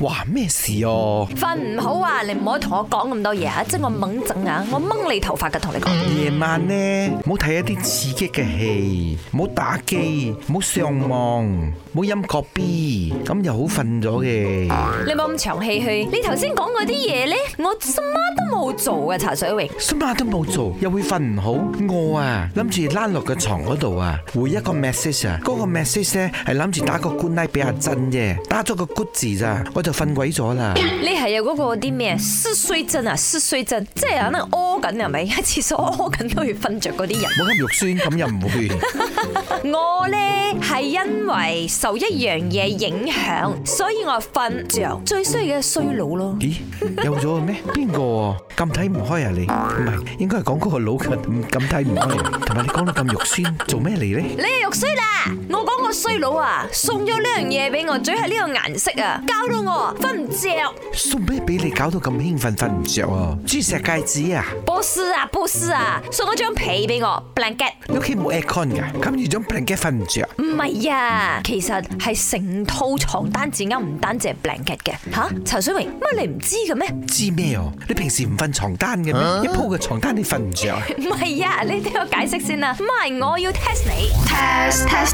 哇咩事哦？瞓唔好啊！你唔好同我講咁多嘢啊！即我掹陣啊！我掹你頭髮噶，同你講。夜晚呢，唔好睇一啲刺激嘅戲，唔好打機，唔好上網，唔好飲咖啡，咁又好瞓咗嘅。你冇咁長氣氣，你頭先講嗰啲嘢呢，我什麼都冇做啊。茶水榮。乜都冇做，又會瞓唔好？我啊，諗住拉落個床嗰度啊，回一個 message 啊，嗰個 message 呢，係諗住打個 good night 俾阿珍啫，打咗個 good 字咋，我就瞓鬼咗啦！你係有嗰個啲咩嗜睡症啊？嗜睡症即係可能屙緊係咪喺廁所屙緊都會瞓着嗰啲人。冇咁肉酸咁又唔會 我呢。我咧係因為受一樣嘢影響，所以我瞓着最需要嘅衰老咯。咦？有咗咩？邊個咁睇唔開啊你？你唔係應該係講嗰個老嘅唔咁睇唔開？同 埋你講到咁肉酸，做咩嚟咧？你係肉酸啦。我講個衰佬啊，送咗呢樣嘢俾我，嘴係呢個顏色啊，搞到我瞓唔着。送咩俾你搞到咁興奮瞓唔着啊？鑽石戒指啊？波斯啊，波斯啊，送咗張被俾我，blanket。你屋企冇 aircon 噶，咁而張 blanket 瞓唔着。唔係啊，其實係成套床單只啱，唔單止 blanket 嘅。吓、啊，陳水明，乜你唔知嘅咩？知咩、啊、你平時唔瞓床單嘅咩、啊？一鋪個床單你瞓唔着？唔係啊，你聽我解釋先啦。唔係，我要 test 你，test test。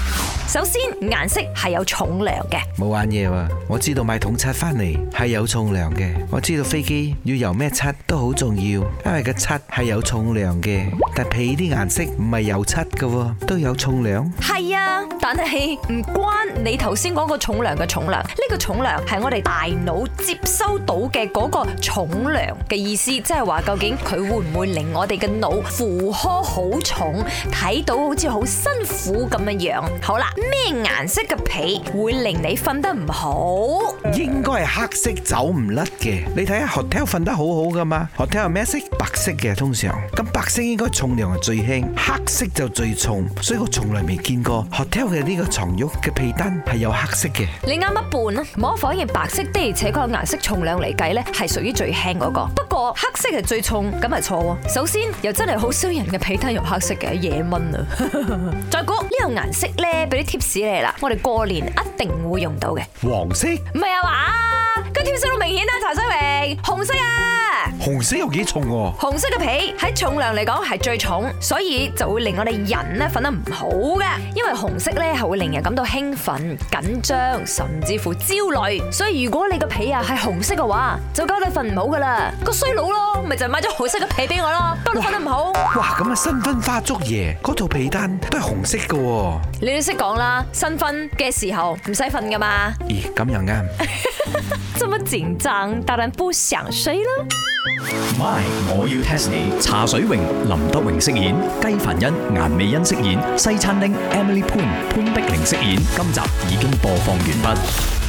首先，顏色係有重量嘅。冇玩嘢喎，我知道買桶漆返嚟係有重量嘅。我知道飛機要油咩漆都好重要，因為個漆係有重量嘅。但被啲顏色唔係油漆㗎都有重量。係啊，但係唔關你頭先講個重量嘅重量。呢、這個重量係我哋大腦接收到嘅嗰個重量嘅意思，即、就是說究竟佢會唔會令我哋嘅腦負荷好重，睇到好似好辛苦咁嘅樣。好啦。咩顏色嘅被會令你瞓得唔好？應該係黑色，走唔甩嘅。你睇下 hotel 瞓得好好噶嘛？hotel 係咩色？白色嘅通常。咁白色應該重量係最輕，黑色就最重。所以我從來未見過 hotel 嘅呢個床褥嘅被單係有黑色嘅。你啱一半啦，啊，冇，反而白色的而且個顏色重量嚟計咧係屬於最輕嗰，那個。不過黑色係最重，咁係錯啊。首先又真係好少人嘅被單用黑色嘅，惹蚊啊！ 再講、這個、呢個顏色咧，俾 tips 嚟啦！我哋過年一定會用到嘅黃色，唔係啊嘛，個 tips 好明顯啦，陳西明，紅色啊，紅色有幾重，啊？紅色嘅被喺重量嚟講係最重，所以就會令我哋人咧瞓得唔好嘅。因為紅色咧係會令人感到興奮、緊張，甚至乎焦慮。所以如果你個被啊係紅色嘅話，就搞到瞓唔好噶啦，個衰佬咯，咪就買咗紅色嘅被俾我咯，都瞓得唔好。哇，咁啊，那個，新婚花燭夜嗰套被單都係紅色嘅，哦。你都識講啦，新婚嘅時候唔使瞓噶嘛？咦，咁樣啱？這， 這麼緊張，大人不想睡啦？MY 我要 test 你。茶水榮、林德榮飾演，雞凡欣、顏美欣飾演，西餐廳 Emily Poon 潘潘碧玲飾演。今集已經播放完畢。